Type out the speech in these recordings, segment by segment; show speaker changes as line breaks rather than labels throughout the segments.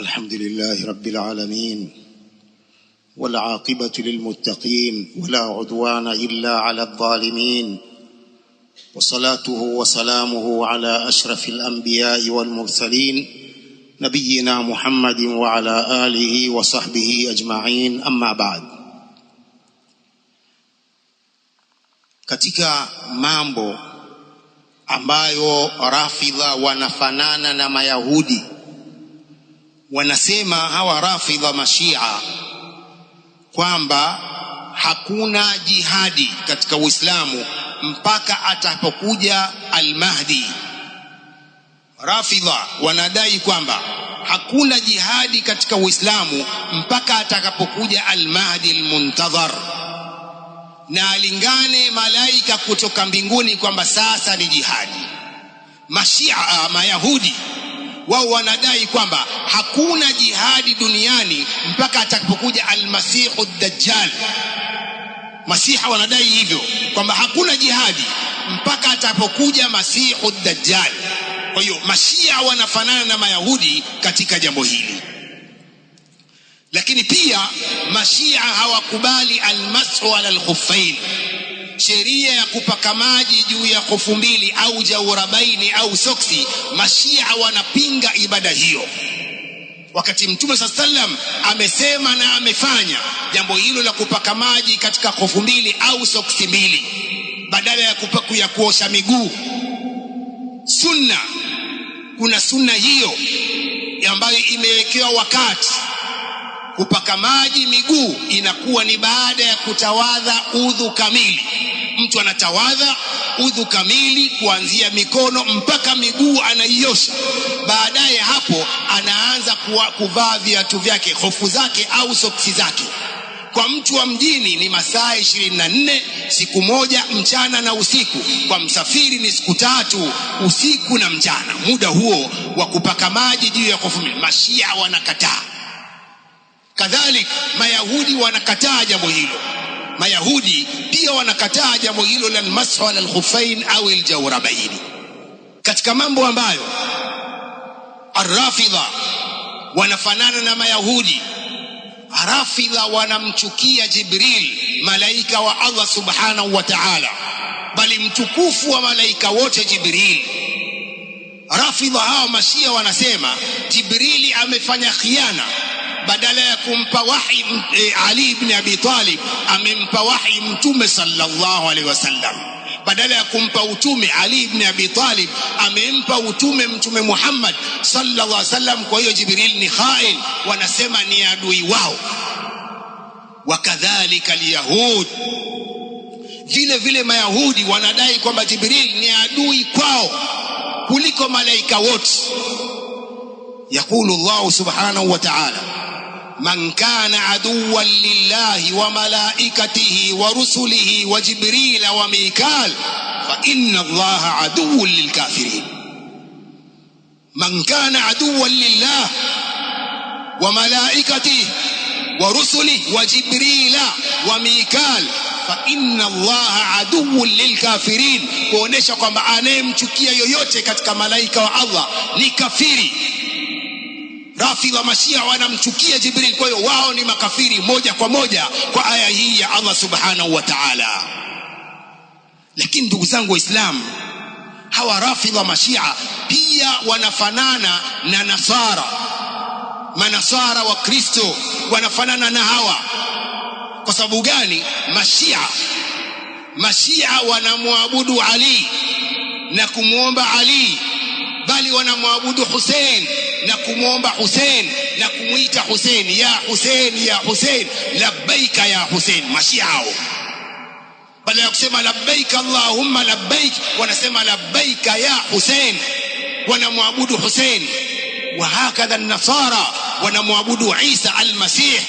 الحمد لله رب العالمين والعاقبة للمتقين ولا عدوان إلا على الظالمين وصلاته وسلامه على أشرف الأنبياء والمرسلين نبينا محمد وعلى آله وصحبه أجمعين أما بعد katika mambo ambayo rafidha wanafanana na mayahudi wanasema hawa rafidha mashia kwamba hakuna jihadi katika Uislamu mpaka atapokuja Almahdi. Rafidha wanadai kwamba hakuna jihadi katika Uislamu mpaka atakapokuja Almahdi Almuntadhar, na alingane malaika kutoka mbinguni kwamba sasa ni jihadi. Mashia Mayahudi wao wanadai kwamba hakuna jihadi duniani mpaka atakapokuja almasihu dajjal. Masiha wanadai hivyo kwamba hakuna jihadi mpaka atakapokuja masihu dajjal. Kwa hiyo mashia wanafanana na mayahudi katika jambo hili, lakini pia mashia hawakubali almashu ala lkhuffain sheria ya kupaka maji juu ya kofu mbili au jaurabaini au soksi, mashia wanapinga ibada hiyo, wakati Mtume saa sallam amesema na amefanya jambo hilo la kupaka maji katika kofu mbili au soksi mbili badala ya kupaku ya kuosha miguu. Sunna, kuna sunna hiyo ambayo imewekewa wakati kupaka maji miguu inakuwa ni baada ya kutawadha udhu kamili mtu anatawadha udhu kamili kuanzia mikono mpaka miguu anaiosha. Baadaye hapo anaanza kuvaa viatu vyake, hofu zake au soksi zake. Kwa mtu wa mjini ni masaa ishirini nne siku moja, mchana na usiku. Kwa msafiri ni siku tatu, usiku na mchana. Muda huo wa kupaka maji juu ya kofu, mashia wanakataa, kadhalika Mayahudi wanakataa jambo hilo. Mayahudi pia wanakataa jambo hilo la almashu ala alkhufain au aljawrabaini, katika mambo ambayo arrafidha wanafanana na Mayahudi. Rafidha wanamchukia Jibril, malaika wa Allah subhanahu wa ta'ala, bali mtukufu wa malaika wote Jibril. Rafidha hawa mashia wanasema Jibrili amefanya khiana badala ya kumpa wahi e, Ali ibn Abi Talib amempa wahi mtume sallallahu alaihi wasallam badala ya kumpa utume Ali ibn Abi Talib amempa utume Mtume Muhammad sallallahu alaihi wasallam. Kwa hiyo Jibril ni khail, wanasema ni adui wao. Wakadhalika alyahud, vile vile Mayahudi wanadai kwamba Jibril ni adui kwao kuliko malaika wote. Yaqulu Allah subhanahu wa ta'ala man kana aduwan lillahi wa malaikatihi wa rusulihi wa jibrila wa mikal fa inna allaha aduwun lilkafirin. Man kana aduwan lillah wa malaikatihi wa rusulihi wa jibrila wa mikal fa inna allaha aduwun lilkafirin, kuonesha kwamba anayemchukia yoyote katika malaika wa Allah ni kafiri wafuasi wa mashia wanamchukia Jibril. Kwa hiyo wao ni makafiri moja kwa moja kwa aya hii ya Allah subhanahu wa ta'ala. Lakini ndugu zangu Waislamu, hawa rafidha wa mashia pia wanafanana na nasara, manasara wa Kristo wanafanana na hawa. Kwa sababu gani? Mashia, mashia wanamwabudu Ali na kumwomba Ali bali wanamwabudu Hussein na kumwomba Hussein na kumuita Hussein, ya Hussein, ya Hussein, labbaika ya Hussein. mashiao bali ya kusema labbaik allahumma labbaik, wanasema labbaika ya Hussein, wanamwabudu Hussein. Wa hakadha nasara wanamwabudu Isa al-Masih,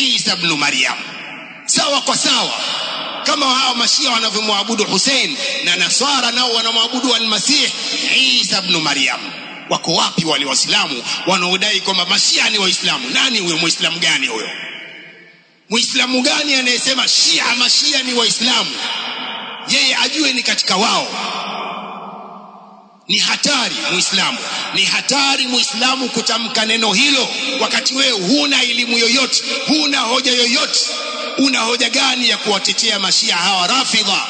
Isa ibn Maryam, sawa kwa sawa. kama hao mashia wanavyomwabudu Hussein na naswara nao wanamwabudu almasih Isa ibn Maryam. Wako wapi wale waislamu wanaodai kwamba mashia ni waislamu? Nani huyo? Muislamu gani huyo? Muislamu gani anayesema shia mashia ni waislamu? Yeye ajue ni katika wao. Ni hatari muislamu, ni hatari muislamu kutamka neno hilo wakati wewe huna elimu yoyote, huna hoja yoyote una hoja gani ya kuwatetea mashia hawa rafidha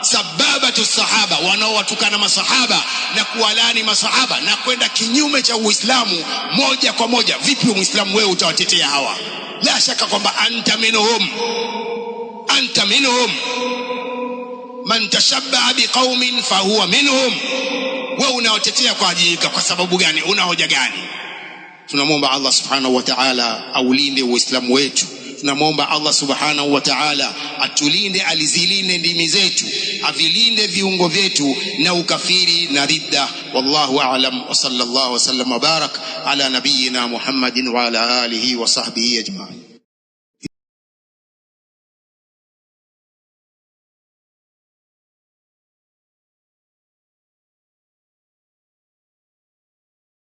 sababatu sahaba wanaowatukana masahaba na kuwalani masahaba na kwenda kinyume cha Uislamu moja kwa moja? Vipi Muislamu wewe utawatetea hawa? La shaka kwamba anta minhum, anta minhum man tashabaha biqaumin fahuwa minhum. Wewe unawatetea kwa ajilika, kwa sababu gani? Una hoja gani? Tunamwomba Allah subhanahu wa ta'ala aulinde Uislamu wetu tunamwomba Allah subhanahu wa ta'ala atulinde, alizilinde ndimi zetu, avilinde viungo vyetu na ukafiri na ridda. Wallahu a'lam wa sallallahu wa sallam wa barak ala nabiyyina Muhammadin wa ala alihi wa sahbihi ajma'in.